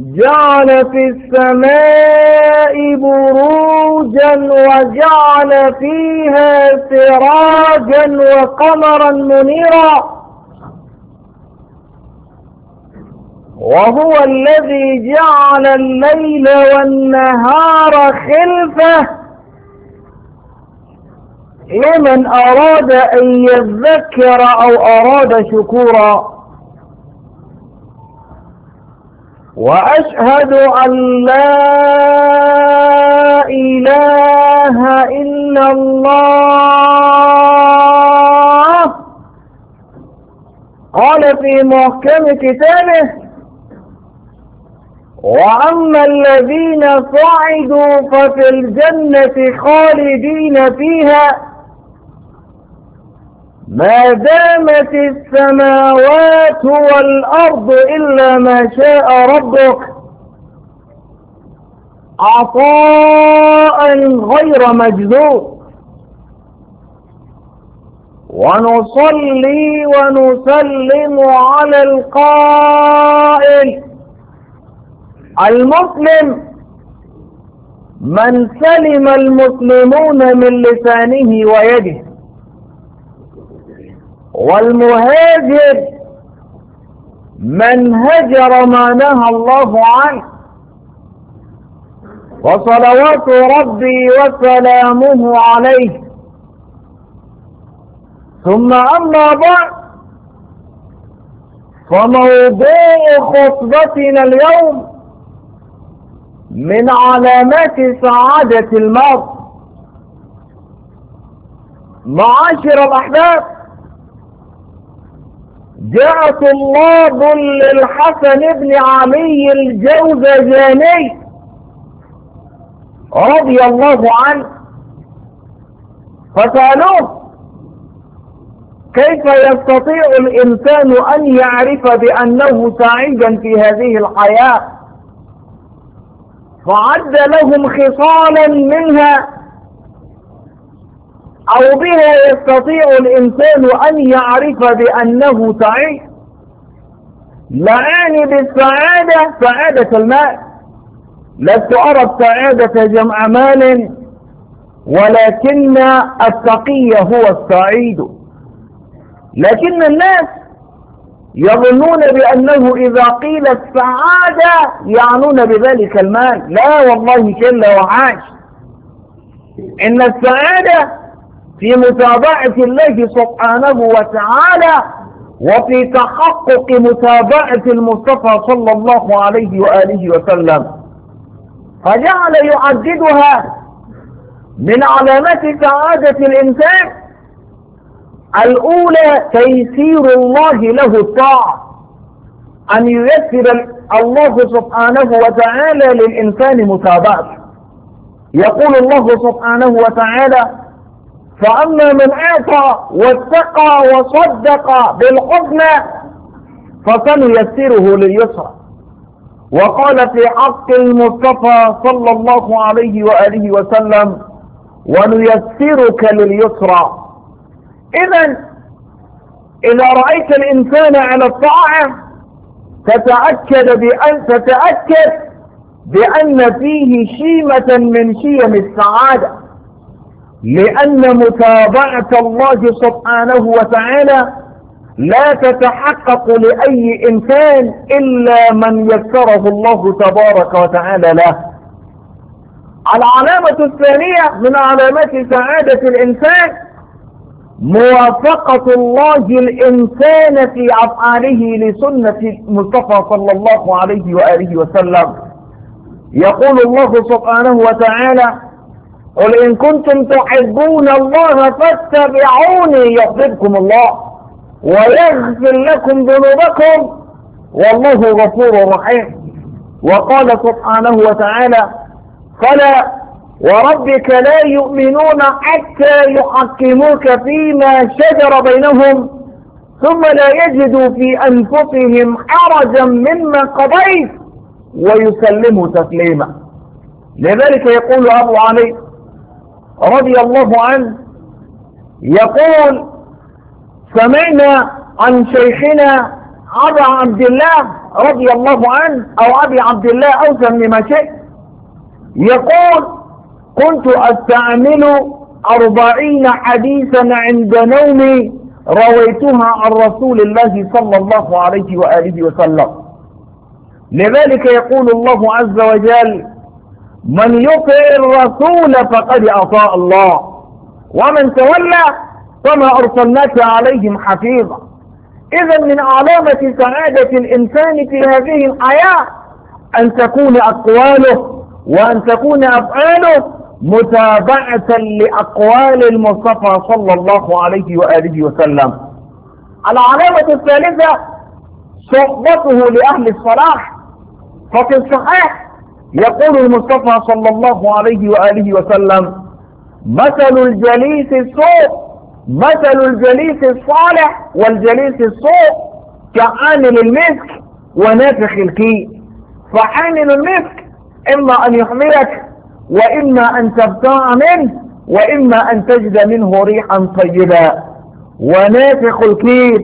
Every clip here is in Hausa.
جعل في السماء بروجا وجعل فيها سراجا وقمرا منيرا وهو الذي جعل الليل والنهار خلفه لمن أراد أن يذكر أو أراد شكورا وأشهد أن لا إله إلا الله قال في محكم كتابه وأما الذين صعدوا ففي الجنة خالدين فيها ما دامت السماوات والأرض إلا ما شاء ربك عطاء غير مجذوب ونصلي ونسلم على القائل المسلم من سلم المسلمون من لسانه ويده والمهاجر من هجر ما نهى الله عنه وصلوات ربي وسلامه عليه ثم أما بعد فموضوع خطبتنا اليوم من علامات سعادة المرض معاشر الأحداث جاء طلاب للحسن بن علي الجوزجاني رضي الله عنه فسألوه كيف يستطيع الإنسان أن يعرف بأنه سعيدا في هذه الحياة فعد لهم خصالا منها أو بها يستطيع الإنسان أن يعرف بأنه سعيد لأعني بالسعادة سعادة المال لست أرى السعادة جمع مال ولكن التقي هو السعيد لكن الناس يظنون بأنه إذا قيل السعادة يعنون بذلك المال لا والله جل وعاش إن السعادة في متابعة الله سبحانه وتعالى وفي تحقق متابعة المصطفى صلى الله عليه وآله وسلم فجعل يعددها من علامات سعادة الإنسان الأولى تيسير الله له الطاعة أن ييسر الله سبحانه وتعالى للإنسان متابعته يقول الله سبحانه وتعالى فأما من أعطى واتقى وصدق بالحسنى فسنيسره لليسرى وقال في حق المصطفى صلى الله عليه وآله وسلم ونيسرك لليسرى إذا إذا رأيت الإنسان على الطاعة تتأكد بأن تتأكد بأن فيه شيمة من شيم السعادة لأن متابعة الله سبحانه وتعالى لا تتحقق لأي إنسان إلا من يسره الله تبارك وتعالى له العلامة الثانية من علامات سعادة الإنسان موافقة الله الإنسان في أفعاله لسنة المصطفى صلى الله عليه وآله وسلم يقول الله سبحانه وتعالى قل إن كنتم تحبون الله فاتبعوني يحببكم الله ويغفر لكم ذنوبكم والله غفور رحيم وقال سبحانه وتعالى فلا وربك لا يؤمنون حتى يحكموك فيما شجر بينهم ثم لا يجدوا في أنفسهم حرجا مما قضيت ويسلموا تسليما لذلك يقول أبو علي رضي الله عنه يقول سمعنا عن شيخنا أبا عبد الله رضي الله عنه أو أبي عبد الله سمي ما شئت يقول كنت أستعمل أربعين حديثا عند نومي رويتها عن رسول الله صلى الله عليه وآله وسلم لذلك يقول الله عز وجل من يطع الرسول فقد أطاع الله ومن تولى فما أرسلناك عليهم حفيظا إذا من علامة سعادة الإنسان في هذه الحياة أن تكون أقواله وأن تكون أفعاله متابعة لأقوال المصطفى صلى الله عليه وآله وسلم العلامة الثالثة صحبته لأهل الصلاح ففي الصحيح يقول المصطفى صلى الله عليه وآله وسلم مثل الجليس السوء مثل الجليس الصالح والجليس السوء كعامل المسك ونافخ الكيس فعامل المسك إما أن يحملك وإما أن تبتاع منه وإما أن تجد منه ريحا طيبا ونافخ الكيس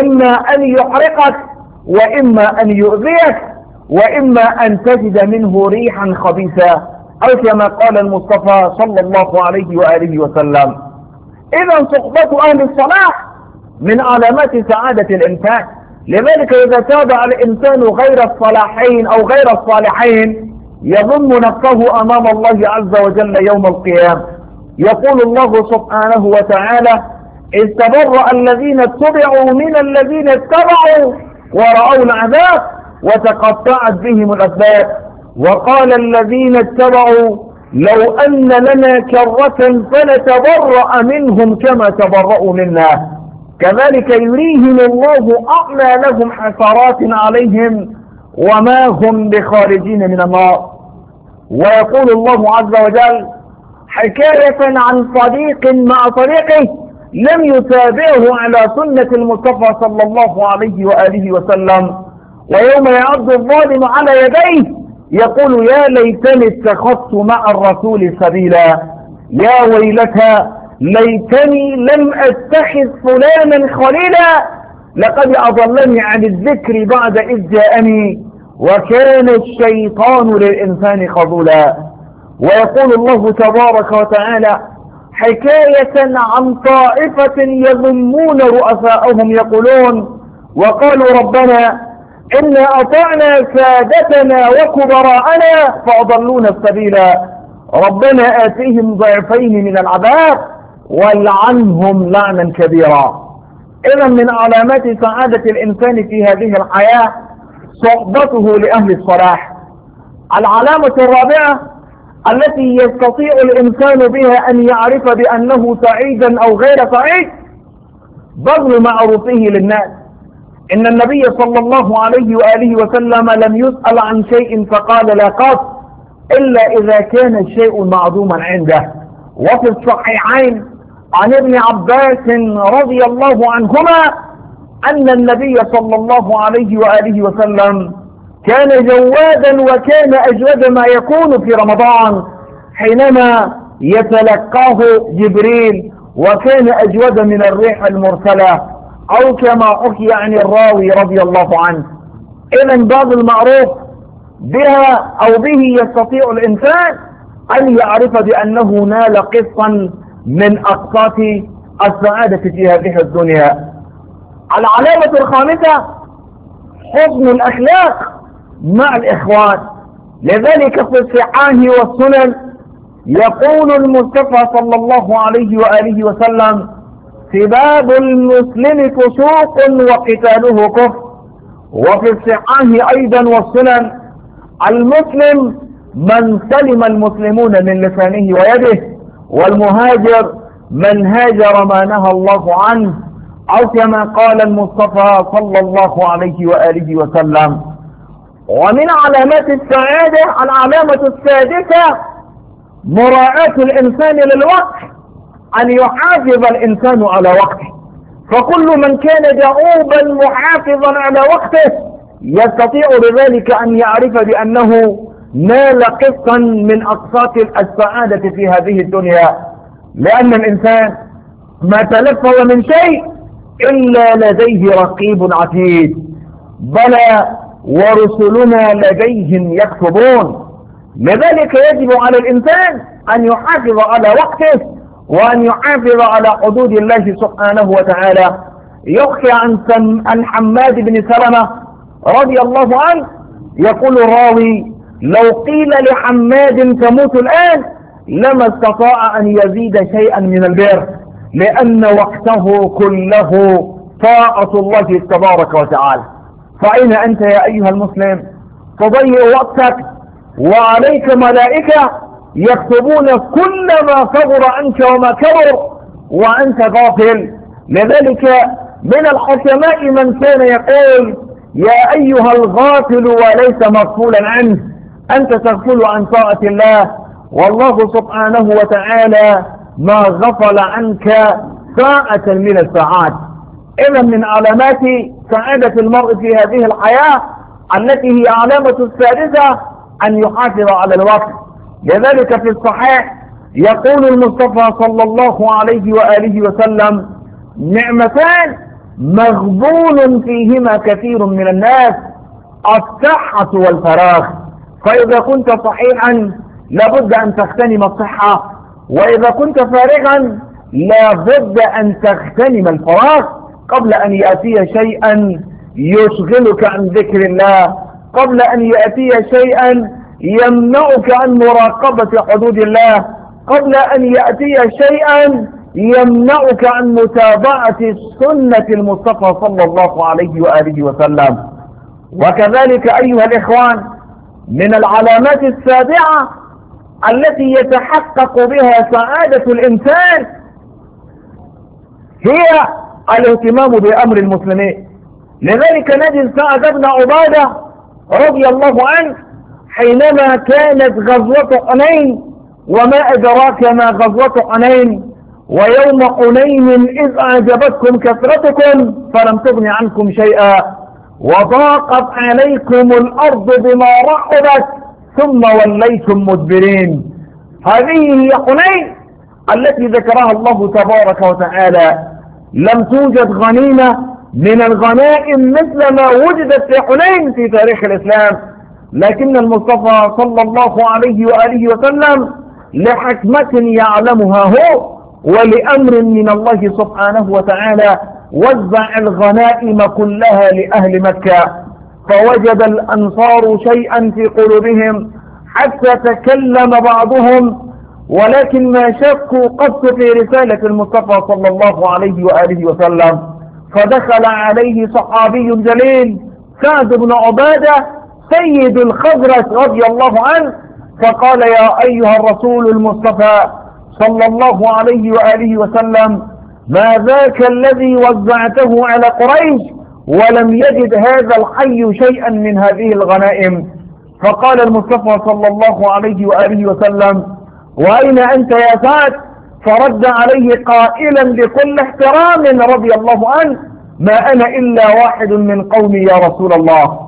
إما أن يحرقك وإما أن يؤذيك وإما أن تجد منه ريحا خبيثا أو كما قال المصطفى صلى الله عليه وآله وسلم إذا صحبة أهل الصلاح من علامات سعادة الإنسان لذلك إذا تابع الإنسان غير الصلاحين أو غير الصالحين يضم نفسه أمام الله عز وجل يوم القيامة يقول الله سبحانه وتعالى إذ تبرأ الذين اتبعوا من الذين اتبعوا ورأوا العذاب وتقطعت بهم الأسباب وقال الذين اتبعوا لو أن لنا كرة فنتبرأ منهم كما تبرأوا منا كذلك يريهم الله أعلى لهم حسرات عليهم وما هم بخارجين من النار ويقول الله عز وجل حكاية عن صديق مع صديقه لم يتابعه على سنة المصطفى صلى الله عليه وآله وسلم ويوم يعض الظالم على يديه يقول يا ليتني اتخذت مع الرسول سبيلا يا ويلتى ليتني لم اتخذ فلانا خليلا لقد أضلني عن الذكر بعد إذ جاءني وكان الشيطان للإنسان خذولا ويقول الله تبارك وتعالى حكاية عن طائفة يذمون رؤساءهم يقولون وقالوا ربنا إنا أطعنا سادتنا وكبراءنا فأضلونا السبيل ربنا آتيهم ضعفين من العذاب والعنهم لعنا كبيرا إذا من علامات سعادة الإنسان في هذه الحياة صحبته لأهل الصلاح العلامة الرابعة التي يستطيع الإنسان بها أن يعرف بأنه سعيدا أو غير سعيد بذل معروفه للناس إن النبي صلى الله عليه وآله وسلم لم يسأل عن شيء فقال لا قط إلا إذا كان الشيء معدوما عنده وفي الصحيحين عن ابن عباس رضي الله عنهما أن النبي صلى الله عليه وآله وسلم كان جوادا وكان أجود ما يكون في رمضان حينما يتلقاه جبريل وكان أجود من الريح المرسلة أو كما حكي عن الراوي رضي الله عنه إذا باب المعروف بها أو به يستطيع الإنسان أن يعرف بأنه نال قسطا من أقساط السعادة في هذه الدنيا العلامة الخامسة حسن الأخلاق مع الإخوان لذلك في الصحاح والسنن يقول المصطفى صلى الله عليه وآله وسلم سباب المسلم فسوق وقتاله كفر وفي الصحاح أيضا والسنن المسلم من سلم المسلمون من لسانه ويده والمهاجر من هاجر ما نهى الله عنه أو كما قال المصطفى صلى الله عليه وآله وسلم ومن علامات السعادة العلامة السادسة مراعاة الإنسان للوقت أن يحافظ الإنسان على وقته فكل من كان دعوبا محافظا على وقته يستطيع بذلك أن يعرف بأنه نال قسطا من أقساط السعادة في هذه الدنيا لأن الإنسان ما تلفظ من شيء إلا لديه رقيب عتيد بلى ورسلنا لديهم يكتبون لذلك يجب على الإنسان أن يحافظ على وقته وأن يحافظ على حدود الله سبحانه وتعالى يخفي عن حماد بن سلمة رضي الله عنه يقول الراوي لو قيل لحماد تموت الآن لما استطاع أن يزيد شيئا من البر لأن وقته كله طاعة الله تبارك وتعالى فأين أنت يا أيها المسلم تضيع وقتك وعليك ملائكة يكتبون كل ما كبر عنك وما كبر وأنت غافل لذلك من الحكماء من كان يقول يا أيها الغافل وليس مغفولا عنه أنت تغفل عن طاعة الله والله سبحانه وتعالى ما غفل عنك ساعة من الساعات إذا من علامات سعادة المرء في هذه الحياة التي هي علامة السادسة أن يحافظ على الوقت لذلك في الصحيح يقول المصطفى صلى الله عليه وآله وسلم نعمتان مغبون فيهما كثير من الناس الصحة والفراغ فإذا كنت صحيحا لابد أن تغتنم الصحة وإذا كنت فارغا لابد أن تغتنم الفراغ قبل أن يأتي شيئا يشغلك عن ذكر الله قبل أن يأتي شيئا يمنعك عن مراقبة حدود الله قبل أن يأتي شيئا يمنعك عن متابعة سنة المصطفى صلى الله عليه وآله وسلم وكذلك أيها الإخوان من العلامات السابعة التي يتحقق بها سعادة الإنسان هي الاهتمام بأمر المسلمين لذلك نجد سعد بن عبادة رضي الله عنه حينما كانت غزوة حنين وما أدراك ما غزوة حنين ويوم حنين إذ أعجبتكم كثرتكم فلم تغن عنكم شيئا وضاقت عليكم الأرض بما رحبت ثم وليتم مدبرين هذه هي حنين التي ذكرها الله تبارك وتعالى لم توجد غنيمة من الغنائم مثل ما وجدت في حنين في تاريخ الإسلام لكن المصطفى صلى الله عليه وآله وسلم لحكمة يعلمها هو ولأمر من الله سبحانه وتعالى وزع الغنائم كلها لأهل مكة فوجد الأنصار شيئا في قلوبهم حتى تكلم بعضهم ولكن ما شكوا قط في رسالة المصطفى صلى الله عليه وآله وسلم فدخل عليه صحابي جليل سعد بن عبادة سيد الخزرج رضي الله عنه فقال يا أيها الرسول المصطفى صلى الله عليه وآله وسلم ما ذاك الذي وزعته على قريش ولم يجد هذا الحي شيئا من هذه الغنائم فقال المصطفى صلى الله عليه وآله وسلم وأين أنت يا سعد فرد عليه قائلا بكل احترام رضي الله عنه ما أنا إلا واحد من قومي يا رسول الله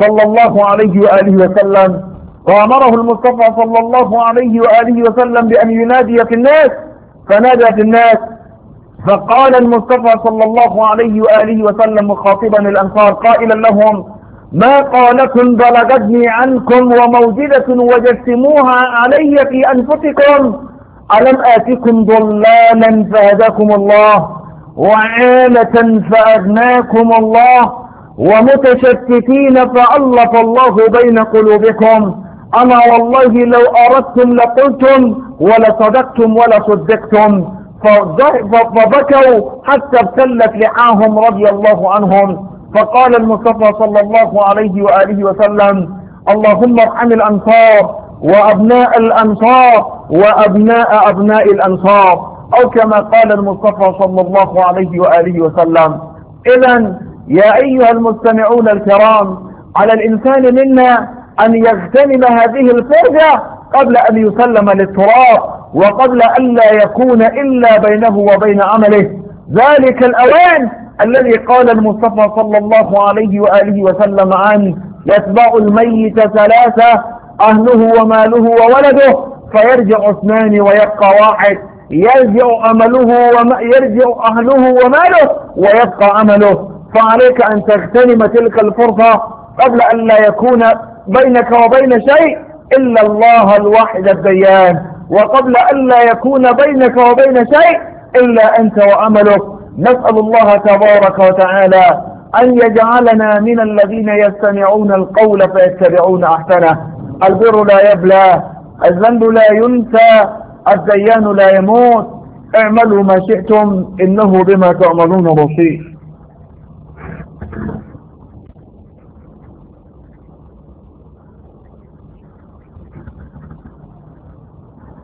صلى الله عليه وآله وسلم وأمره المصطفى صلى الله عليه وآله وسلم بأن ينادي في الناس فنادى في الناس فقال المصطفى صلى الله عليه وآله وسلم مخاطبا الأنصار قائلا لهم ما قالكم بلغتني عنكم وموجدة وجسموها علي في أنفسكم ألم آتكم ضلالا فهداكم الله وعالة فأغناكم الله ومتشتتين فألف الله بين قلوبكم أنا والله لو أردتم لقلتم ولا صدقتم ولا صدقتم فبكوا حتى ابتلت لحاهم رضي الله عنهم فقال المصطفى صلى الله عليه وآله وسلم اللهم ارحم الأنصار وأبناء الأنصار وأبناء أبناء الأنصار أو كما قال المصطفى صلى الله عليه وآله وسلم إذا يا أيها المستمعون الكرام على الإنسان منا أن يغتنم هذه الفرجة قبل أن يسلم للتراب وقبل أن لا يكون إلا بينه وبين عمله ذلك الأوان الذي قال المصطفى صلى الله عليه وآله وسلم عنه يتبع الميت ثلاثة أهله وماله وولده فيرجع اثنان ويبقى واحد يرجع عمله وما يرجع أهله وماله ويبقى عمله فعليك أن تغتنم تلك الفرصة قبل أن لا يكون بينك وبين شيء إلا الله الواحد الديان وقبل أن لا يكون بينك وبين شيء إلا أنت وعملك نسأل الله تبارك وتعالى أن يجعلنا من الذين يستمعون القول فيتبعون أحسنه البر لا يبلى الذنب لا ينسى الديان لا يموت اعملوا ما شئتم إنه بما تعملون بصير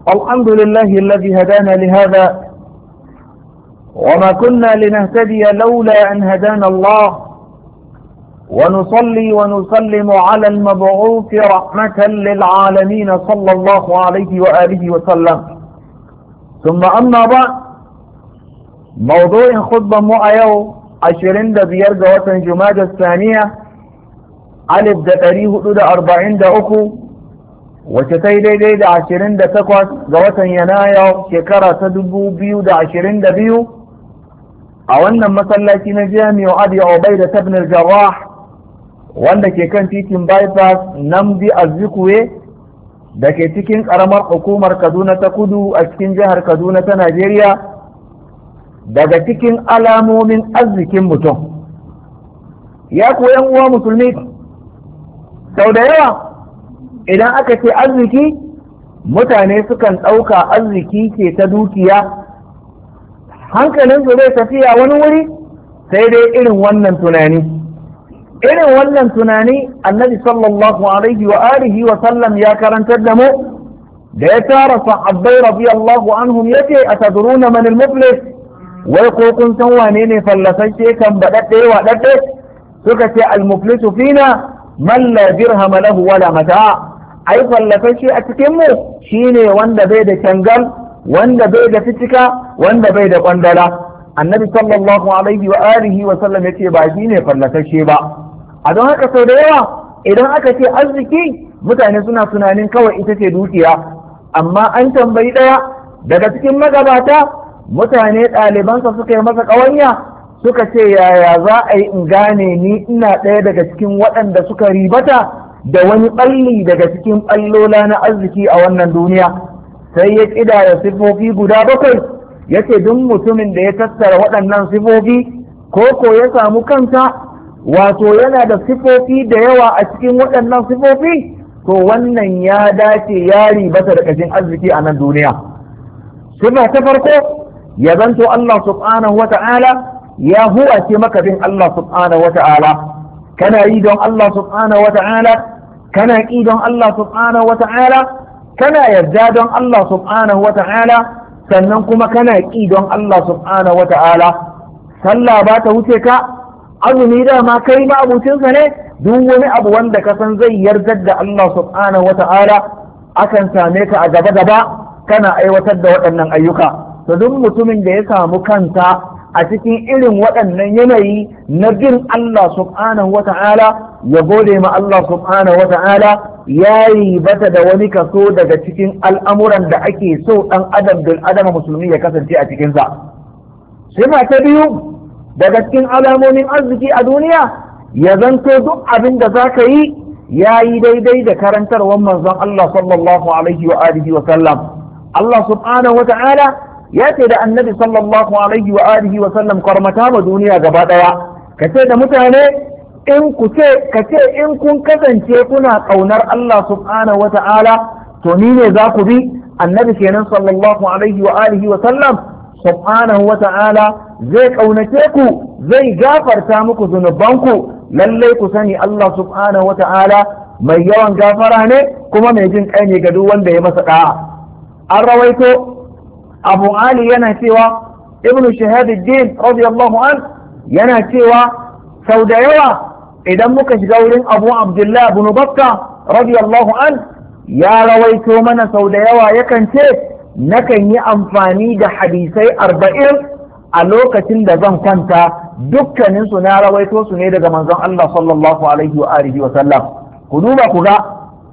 الحمد لله الذي هدانا لهذا وما كنا لنهتدي لولا أن هدانا الله ونصلي ونسلم على المبعوث رحمة للعالمين صلى الله عليه وآله وسلم ثم أما بعد موضوع خطبة مؤيو عشرين دا بيار جمادة الثانية ألف دا تاريه دا أربعين دا wace ta yi daidai da ashirin da takwas ga watan yanayau shekara ta dubu biyu da ashirin da biyu a wannan masallaci na jami'u abu obai da tabnir jarrah wanda ke kan titin bypass namdi azikwe da ke cikin karamar hukumar kaduna ta kudu a cikin jihar kaduna ta najeriya daga cikin alamomin arzikin mutum ya koyan uwa musulmi sau da yawa idan aka ce arziki mutane sukan ɗauka arziki ke ta dukiya Hankalin su zai tafiya wani wuri sai dai irin wannan tunani irin wannan tunani annabi sallallahu alaihi wa alihi wa sallam ya karantar da mu da ya tara sahabbai radiyallahu anhum yace atadruna man al-muflis wai ko kun san wane ne fallasacce kan badadde wadadde suka ce al-muflisu fina man la dirham lahu wala mata'a ai fallafashi a cikin mu shine wanda bai da kyangal, wanda bai da fitika wanda bai da kwandala annabi sallallahu alaihi wa alihi wa sallam yace ba shi ne fallafashi ba a don haka sau da yawa idan aka ce arziki mutane suna tunanin kawai ita ce dukiya amma an tambayi daya daga cikin magabata mutane ɗalibansa suka yi masa ƙawanya suka ce yaya za a yi in gane ni ina ɗaya daga cikin waɗanda suka ribata da wani balli daga cikin ballola na arziki a wannan duniya sai ya kidaya sifofi guda bakwai yace duk mutumin da ya tattara waɗannan sifofi ko ko ya samu kansa wato yana da sifofi da yawa a cikin waɗannan sifofi to wannan ya dace ya ribata da kashin arziki a nan duniya sifa ta farko ya zanto Allah subhanahu wa ta'ala ya huwace maka bin Allah subhanahu wa ta'ala kana yi don Allah subhanahu wa ta'ala kana ƙi don Allah subhanahu wa ta'ala kana yarda don Allah subhanahu wa ta'ala sannan kuma kana ƙi don Allah subhanahu wa ta'ala sallah ba ta wuce ka azumi dama kai ma abucinsa ne duk wani abu wanda ka san zai yarda da Allah subhanahu wa ta'ala akan same ka a gaba gaba kana aiwatar da waɗannan ayyuka to duk mutumin da ya samu kanta a cikin irin waɗannan yanayi na bin Allah subhanahu wa ta'ala ya gode ma Allah subhanahu wa ta'ala ya bata da wani kaso daga cikin al'amuran da ake so ɗan adam bil adam musulmi ya kasance a cikinsa sai ma ta biyu daga cikin alamomin arziki a duniya ya zanto duk abin da za ka yi ya yi daidai da karantarwar manzon Allah sallallahu alaihi wa alihi wa sallam Allah subhanahu wa ta'ala ya ce da annabi sallallahu alaihi wa alihi wa sallam karmata ma duniya gaba daya ka ce da mutane in ku ce ka ce in kun kasance kuna kaunar Allah subhanahu wa ta'ala to ni ne za ku bi annabi kenan sallallahu alaihi wa alihi wa sallam subhanahu wa ta'ala zai kaunace ku zai gafarta muku zunubanku lallai ku sani Allah subhanahu wa ta'ala mai yawan gafara ne kuma mai jin kai ne ga duk wanda ya masa da'a an rawaito abu ali yana cewa ibn shahadiddin radiyallahu an yana cewa sau da yawa idan muka shiga wurin abu abdullah ibn bakka radiyallahu an ya rawaito mana sau da yawa yakan ce nakan yi amfani da hadisai arba'in a lokacin da zan kwanta dukkaninsu na rawaito su ne daga manzon Allah sallallahu alaihi wa alihi wa sallam ku duba ku ga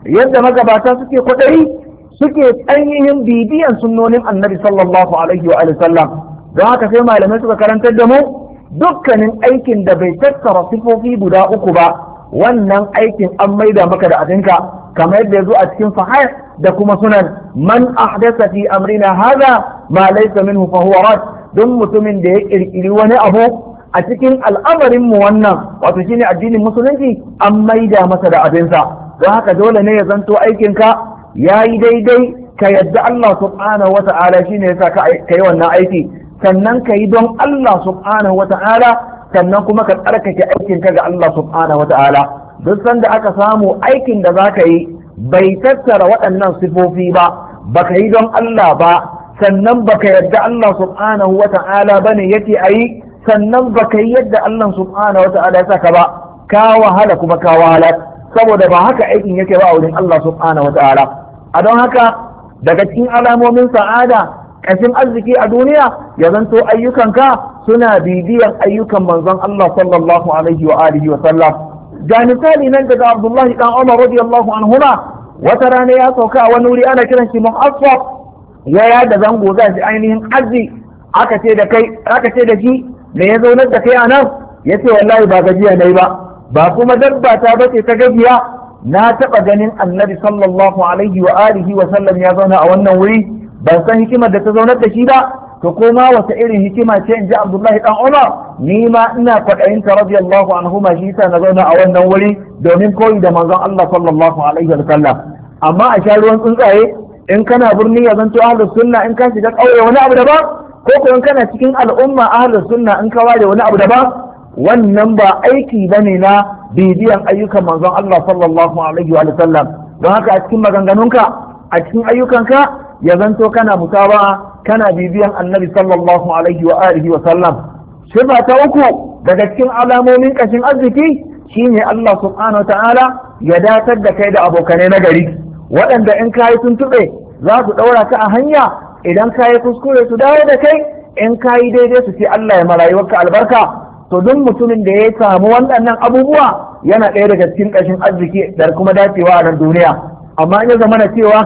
yadda magabata suke kwaɗayi suke tsanyihin bibiyan sunnonin annabi sallallahu alaihi wa sallam don haka sai malamai suka karantar da mu dukkanin aikin da bai tattara sifofi guda uku ba wannan aikin an maida maka da abinka kamar yadda zo a cikin fahar da kuma sunan man ahdasa fi amrina hada ma laysa minhu fa huwa rad don mutumin da ya kirkiri wani abu a cikin al'amarin mu wannan wato shine addinin musulunci an maida masa da abinsa don haka dole ne ya zanto aikinka yayi daidai ka yadda Allah subhanahu wata'ala shine yasa ka yi wannan aiki sannan ka yi don Allah subhanahu ta'ala, sannan kuma ka tsarkake aikin ka ga Allah subhanahu ta'ala. duk sanda aka samu aikin da za ka yi bai tattara waɗannan sifofi ba ka yi don Allah ba sannan baka yadda Allah subhanahu ba ne, yake ayi sannan ka yi yadda Allah subhanahu ta'ala ya saka ba ka wahala kuma ka wahala saboda ba haka aikin yake ba a wurin Allah subhanahu ta'ala. a don haka daga cikin alamomin sa'ada kashin arziki a duniya ya zanto ayyukanka suna bibiyan ayyukan manzon Allah sallallahu alaihi wa alihi wa sallam ga misali nan daga Abdullahi dan Umar radiyallahu anhuma wata rana ya sauka a wani wuri ana kiran shi mu'assaf ya yada zango za ainihin azzi aka ce da kai aka ce da shi me ya zaunar da kai a nan yace wallahi ba gajiya nayi ba ba kuma dabba ta bace ta gajiya na taɓa ganin annabi sallallahu alaihi wa alihi wa sallam ya zauna a wannan wuri ban san hikimar da ta zaunar da shi ba to koma wata irin hikima ce in ji abdullahi dan umar ni ma ina faɗayin ta radiyallahu anhu ma shi na zauna a wannan wuri domin koyi da manzon Allah sallallahu alaihi wa sallam amma a sha ruwan tsuntsaye in kana birni ya zanto ahlus sunna in ka shiga ƙauye wani abu daban ko ko in kana cikin al'umma ahlus sunna in ka ware wani abu daban wannan ba aiki bane na bibiyan ayyukan manzon Allah sallallahu alaihi wa sallam don haka a cikin maganganunka a cikin ayyukanka ya zanto kana mutaba'a kana bibiyan annabi sallallahu alaihi wa alihi wa sallam sifa ta uku daga cikin alamomin kashin arziki shine Allah subhanahu ta'ala ya datar da kai da abokanai na gari waɗanda in kayi tuntuɓe za su ɗaura ka a hanya idan kayi kuskure su dawo da kai in kayi daidai su ce Allah ya marayuwarka albarka to duk mutumin da ya samu waɗannan abubuwa yana ɗaya daga cikin ƙashin arziki da kuma dacewa a nan duniya amma in ya zama na cewa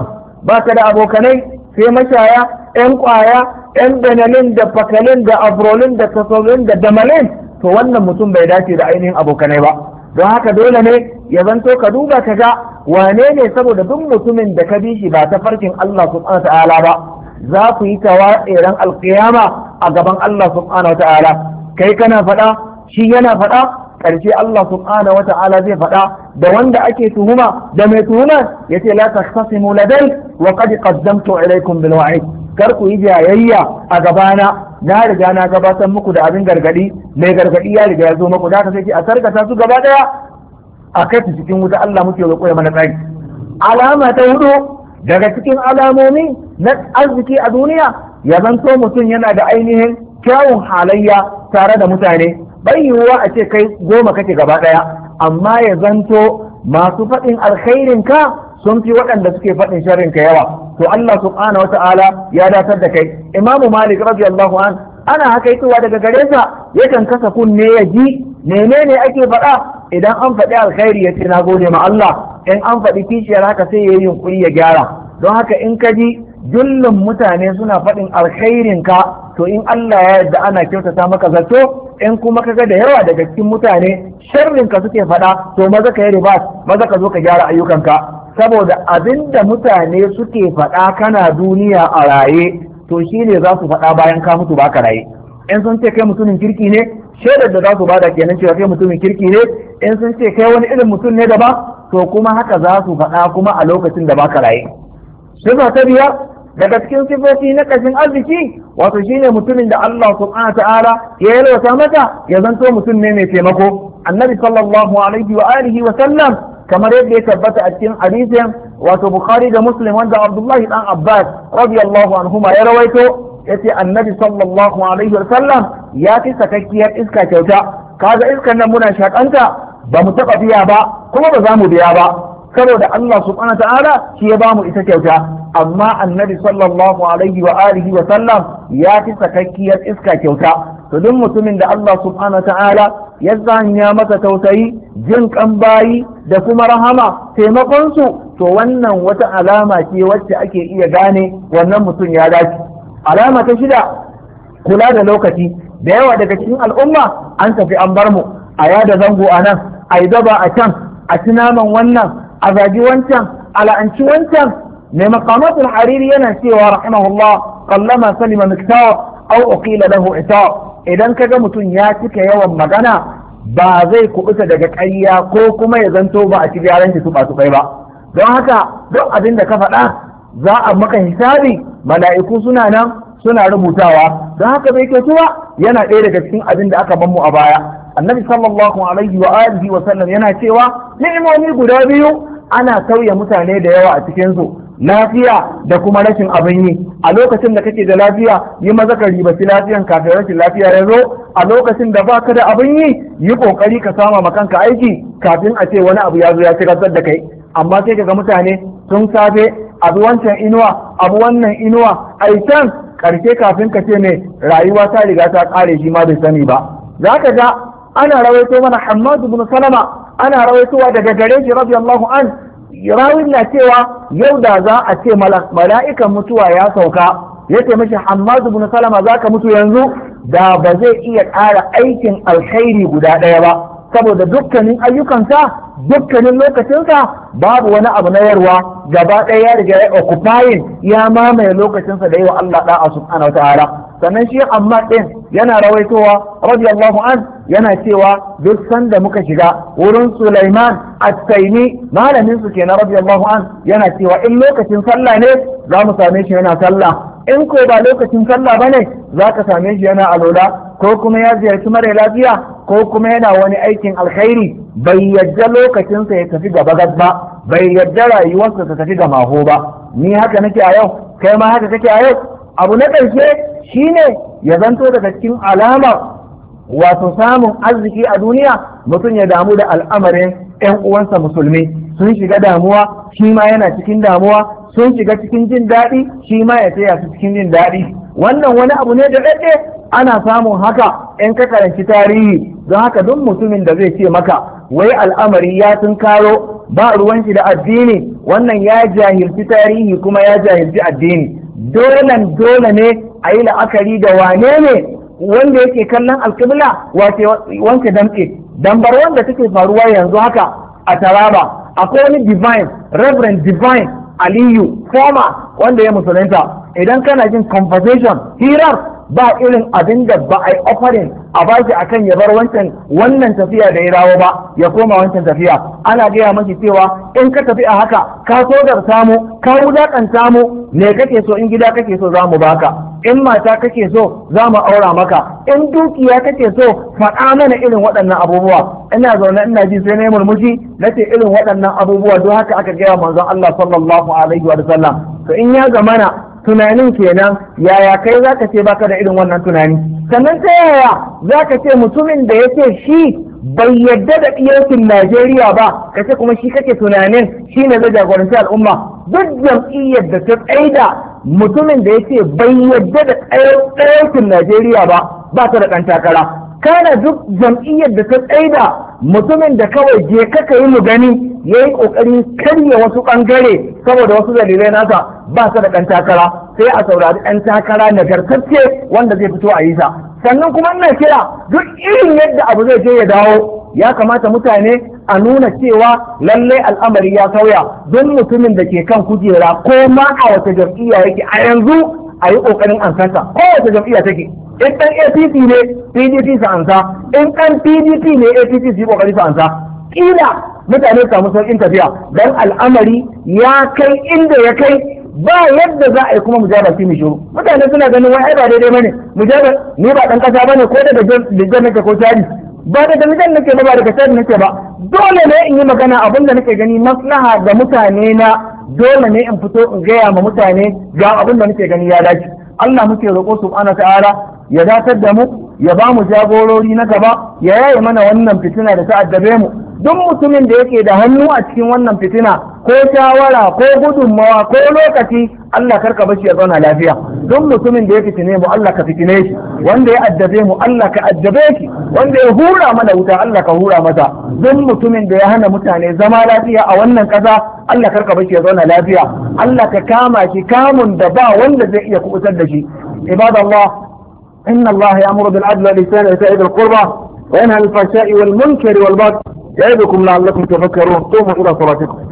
ba ka da abokanai sai mashaya yan ƙwaya yan benalin da fakalin da afrolin, da kasolin da damalin to wannan mutum bai dace da ainihin abokanai ba don haka dole ne ya zanto ka duba ka ga wane ne saboda duk mutumin da ka bi shi ba ta farkin Allah subhanahu ta'ala ba za ku yi tawa tseren alkiyama a gaban Allah subhanahu ta'ala kai kana faɗa shi yana faɗa ƙarshe Allah subhanahu wa ta'ala zai faɗa da wanda ake tuhuma da mai tuhuma ya ce la taqtasimu ladai wa qad qaddamtu ilaykum bil wa'id kar ku yi jayayya a gabana na riga na gabatar muku da abin gargadi mai gargadi ya riga ya zo muku da ka sai a sarkata su gaba daya a kai su cikin wuta Allah muke roƙo ya mana tsari alama ta hudu daga cikin alamomi na arziki a duniya ya zanto mutum yana da ainihin kyawun halayya tare da mutane ban yiwuwa a ce kai goma kake gaba amma ya zanto masu faɗin alkhairin ka sun fi waɗanda suke faɗin sharrin ka yawa to Allah subhanahu wata'ala ya datar da kai imamu malik radiyallahu an ana hakaitowa daga gare sa yakan kasa kunne ya ji menene ake faɗa idan an faɗi alkhairi ya ce na gode ma Allah in an faɗi kishiyar haka sai ya yi yunƙuri ya gyara don haka in ka ji jullun mutane suna faɗin alkhairin ka to in Allah ya yarda ana kyautata maka zato in kuma kaga da yawa daga cikin mutane sharrin ka suke faɗa to maza ka yi ribas maza ka zo ka gyara ayyukanka saboda abinda mutane suke faɗa kana duniya a raye to shine za su faɗa bayan ka mutu baka raye in sun ce kai mutumin kirki ne shaidar da za su bada kenan cewa kai mutumin kirki ne in sun ce kai wani irin mutum ne da to kuma haka za su faɗa kuma a lokacin da baka raye sifa ta biya daga cikin sifofi na kashin arziki wato shine mutumin da Allah subhanahu ta'ala ya yalwata mata ya zanto mutum ne mai taimako annabi sallallahu alaihi wa alihi wa sallam kamar yadda ya tabbata a cikin hadisin wato bukhari da muslim wanda abdullahi dan abbas radiyallahu anhuma ya rawaito yace annabi sallallahu alaihi wa sallam ya fi sakakkiyar iska kyauta kaga iskar nan muna shakanta ba mu taba biya ba kuma ba za mu biya ba saboda Allah subhanahu ta'ala shi ya bamu ita kyauta amma annabi sallallahu alaihi wa alihi wa sallam ya fi sakakkiyar iska kyauta to duk mutumin da Allah subhanahu ta'ala ya zanya masa tausayi jin kan bayi da kuma rahama taimakon su to wannan wata alama ce wacce ake iya gane wannan mutum ya dace alama ta shida kula da lokaci da yawa daga cikin al'umma an tafi an bar mu a yada zango a nan a yi daba a can a ci naman wannan a zagi wancan a la'anci wancan mai makamatul hariri yana cewa rahimahullah kallama salima miktawa au uqila lahu itawa idan kaga mutum ya cika yawan magana ba zai kubuta daga ƙarya ko kuma ya zanto ba a ci gyaran ba su kai ba don haka duk abin da ka faɗa za a maka hisabi mala'iku suna nan suna rubutawa don haka bai kyautuwa yana ɗaya daga cikin abin da aka mu a baya annabi sallallahu alaihi wa alihi wa sallam yana cewa ni'imomi guda biyu ana sauya mutane da yawa a cikinsu lafiya da kuma rashin abin yi a lokacin da kake da lafiya yi maza ka ribaci lafiyan kafin rashin lafiya ya zo a lokacin da ba ka da abin yi yi kokari ka sama ma kanka aiki kafin a ce wani abu ya zo ya cika da kai amma sai ga mutane sun safe abu wancan inuwa abu wannan inuwa ai can karshe kafin ka ce ne rayuwa ta riga ta kare shi ma bai sani ba Za ka ga ana rawaito mana Hammadu bin Salama ana rawaitowa daga gare shi radiyallahu an rawin na cewa yau da za a ce mala'ikan mutuwa ya sauka ya ce mishi Hammadu Salama za ka mutu yanzu da ba zai iya ƙara aikin alkhairi guda ɗaya ba saboda dukkanin ayyukansa dukkanin lokacinsa babu wani abu na yarwa gaba ɗaya ya riga ya occupying ya mamaye lokacinsa da yawa Allah da'a subhanahu wa ta'ala sannan shi amma ɗin yana rawaitowa radiyallahu an yana cewa duk sanda muka shiga wurin Sulaiman at-Taimi malamin su kenan radiyallahu an yana cewa in lokacin sallah ne za mu same shi yana sallah in ko ba lokacin sallah bane za ka same shi yana alola ko kuma ya ziyarci mara lafiya ko kuma yana wani aikin alkhairi bai yadda lokacinsa ya tafi gaba gaba bai yarda rayuwarsa ta tafi ga maho ba ni haka nake a yau kai ma haka kake a yau abu na ƙarshe shine ya zanto daga cikin alamar wato samun arziki a duniya mutum ya damu da al'amarin 'yan uwansa musulmi sun shiga damuwa shi ma yana cikin damuwa sun shiga cikin jin daɗi shi ma ya taya su cikin jin daɗi wannan wani abu ne da ɗaɗe ana samun haka in ka karanci tarihi don haka duk mutumin da zai ce maka wai al'amari ya sun karo ba ruwan shi da addini wannan ya jahilci tarihi kuma ya jahilci addini dolan dole ne a yi la'akari da wane ne wanda yake kallon alkibla wace wanke damke dambar wanda take faruwa yanzu haka a taraba akwai wani divine reverend divine aliyu former wanda ya musulunta idan kana jin conversation hirar ba irin abin da ba a yi offering a bashi akan ya bar wancan wannan tafiya da ya dawo ba ya koma wancan tafiya ana gaya mashi cewa in ka tafi a haka ka so samu ka wulaƙanta samu, me kake so in gida kake so za mu baka in mata kake so za mu aura maka in dukiya kake so faɗa mana irin waɗannan abubuwa ina zaune ina ji sai na yi murmushi na ce irin waɗannan abubuwa don haka aka gaya manzon Allah sallallahu alaihi wa sallam to in ya zamana tunanin kenan yaya kai za ka ce baka da irin wannan tunani sannan ta yaya za ka ce mutumin da ya ce shi bai yadda da ɗiyokin Najeriya ba ka ce kuma shi kake tunanin shi ne zai jagoranci al'umma duk jam'iyyar da ta tsaida mutumin da ya ce bai yadda da ɗiyokin Najeriya ba ba ta da ɗan takara kana duk jam'iyyar da ta tsaida mutumin da kawai je kaka yi mu gani ya yi ƙoƙarin karya wasu ɓangare saboda wasu dalilai nasa ba su da ɗan takara sai a saurari ɗan takara nagartacce wanda zai fito a yi sa sannan kuma ina kira duk irin yadda abu zai je ya dawo ya kamata mutane a nuna cewa lallai al'amari ya sauya don mutumin da ke kan kujera ko ma a wata jam'iyya yake a yanzu a yi ƙoƙarin ansanta kowace jam'iyya take in dan apc ne pdp su ansa in ɗan pdp ne apc su yi ƙoƙari su ansa kila mutane samu sauƙin tafiya don al'amari ya kai inda ya kai ba yadda za a yi kuma mujabar fi shiru mutane suna ganin wai ai ba daidai bane mujabar ni ba ɗan kasa bane ko da da nake ko shari ba da dalilan nake ba ba da kasar nake ba dole ne in yi magana abin da nake gani maslaha ga mutane na dole ne in fito in gaya ma mutane ga abin da muke gani ya dace Allah muke roƙo subhanahu ta'ala ya datar da mu ya ba mu jagorori na gaba ya yaye mana wannan fitina da ta addabe mu duk mutumin da yake da hannu a cikin wannan fitina ko shawara ko gudunmawa ko lokaci Allah karka bashi ya zauna lafiya don mutumin da ya fitine mu Allah ka fitine shi wanda ya addabe mu Allah ka addabe shi wanda ya hura mana wuta Allah ka hura masa don mutumin da ya hana mutane zama lafiya a wannan ƙasa Allah karka bashi ya zauna lafiya Allah ka kama shi kamun da ba wanda zai iya kubutar da shi ibadallah inna Allah ya'muru bil adli wal ihsani wa ita'i dhil qurba wa yanha 'anil fahsha'i wal munkari wal baghi ya'idukum la'allakum tadhakkarun qumu ila salatikum